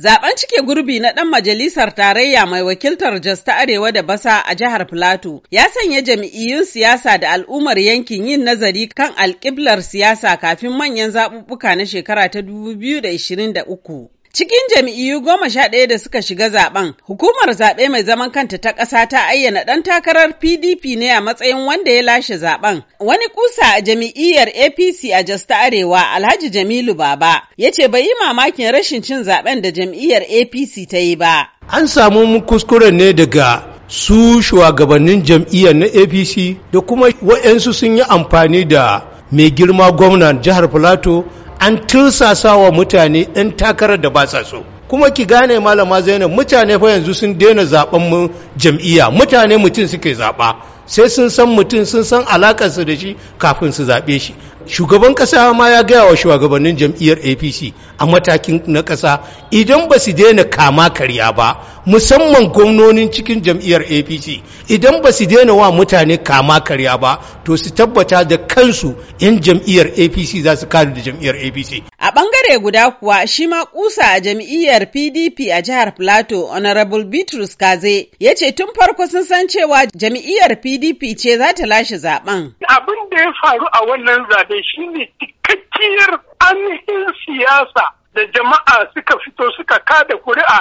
Zaben cike gurbi na ɗan majalisar tarayya mai wakiltar Jos ta Arewa da Basa a jihar Filato ya sanya jam'iyyun siyasa da al'ummar yankin yin nazari kan alƙiblar siyasa kafin manyan zaɓuɓɓuka na shekara ta 2023. Cikin jam'iyyu goma sha ɗaya da suka shiga zaben, hukumar zaɓe mai zaman kanta ta ƙasa ta ayyana ɗan takarar PDP ne a matsayin wanda ya lashe zaben. Wani kusa a jam'iyyar APC a Jos ta Arewa, Alhaji Jamilu Baba, ya ce bai yi mamakin rashin cin zaben da jam'iyyar APC ta yi ba. An samu kuskure ne daga su shugabannin jam'iyyar na APC da kuma waɗansu sun yi amfani da mai girma gwamnan jihar Filato an tursasa wa mutane ɗan takarar da ba sa so kuma ki gane malama zainab mutane fa yanzu sun daina zaben mu jam'iyya mutane mutum suke zaɓa sai sun san mutum sun san alakarsa da shi kafin su zaɓe shi shugaban kasa ma ya gaya wa shugabannin jam'iyyar apc a matakin na kasa idan ba su daina kama karya ba musamman gwamnonin cikin jam'iyyar apc idan ba su daina wa mutane kama karya ba to su tabbata da kansu 'yan jam'iyyar apc za su kare da jam'iyyar apc a bangare guda kuwa shi ma kusa a jam'iyyar pdp a jihar plato honorable bitrus kaze ya ce tun farko sun san cewa jam'iyyar pdp ce za ta lashe zaben abin da ya faru a wannan zaɓe shine tikakkiyar ainihin siyasa da jama'a suka fito suka kada kuri'a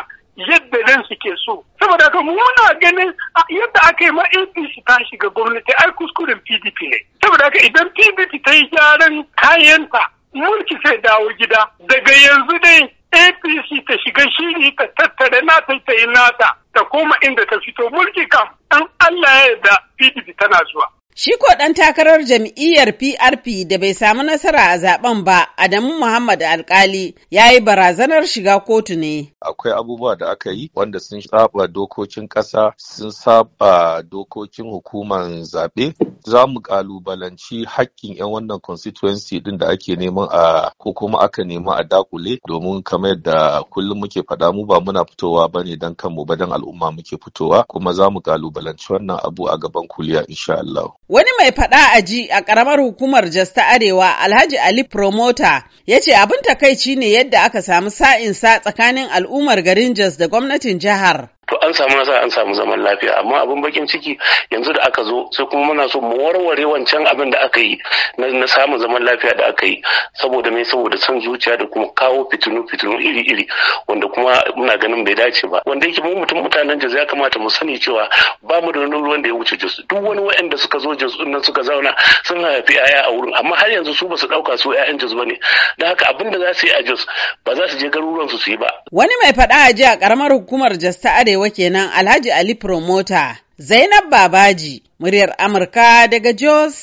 yadda nan suke so saboda ka muna ganin yadda aka yi ma APC ta shiga gwamnati ai kuskuren PDP ne saboda ka idan PDP ta yi gyaran kayanta mulki sai dawo gida daga yanzu dai APC ta shiga shiri ta tattare nata ta yi nata ta koma inda ta fito mulki kam dan Allah ya yarda PDP tana zuwa Shi ko ɗan takarar jam'iyyar PRP da bai samu nasara a zaben ba, Adamu Muhammad Alkali ya yi barazanar shiga kotu ne. Akwai abubuwa da aka yi wanda sun saba dokokin ƙasa, sun saba dokokin hukumar zaɓe. Za mu ƙalubalanci haƙƙin 'yan wannan constituency ɗin da ake neman a ko kuma aka nema a dakule domin kamar yadda kullum muke faɗa mu ba muna fitowa ba ne don kanmu ba don al'umma muke fitowa kuma za mu ƙalubalanci wannan abu a gaban kuliya insha Allah. Wani mai faɗa a ji a ƙaramar hukumar Jos ta Arewa Alhaji Ali Promota ya ce abin takaici ne yadda aka samu sa'insa tsakanin al'ummar garin Jos da gwamnatin jihar. to an samu nasara an samu zaman lafiya amma abin bakin ciki yanzu da aka zo sai kuma muna so mu warware wancan abin da aka yi na samun zaman lafiya da aka yi saboda mai saboda son zuciya da kuma kawo fitinu fitinu iri iri wanda kuma muna ganin bai dace ba wanda yake mu mutum mutanen Jos ya kamata mu sani cewa ba mu da wani ruwan da ya wuce jos duk wani wa'anda suka zo jos din nan suka zauna sun haifi yaya a wurin amma har yanzu su basu dauka su yayan jazz bane da haka abin da za su yi a jos ba za su je garuruwan su su yi ba wani mai faɗa a ji a karamar hukumar jos ta arewa kenan Alhaji Ali Promoter Zainab Babaji muryar Amurka daga Jos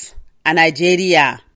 a Najeriya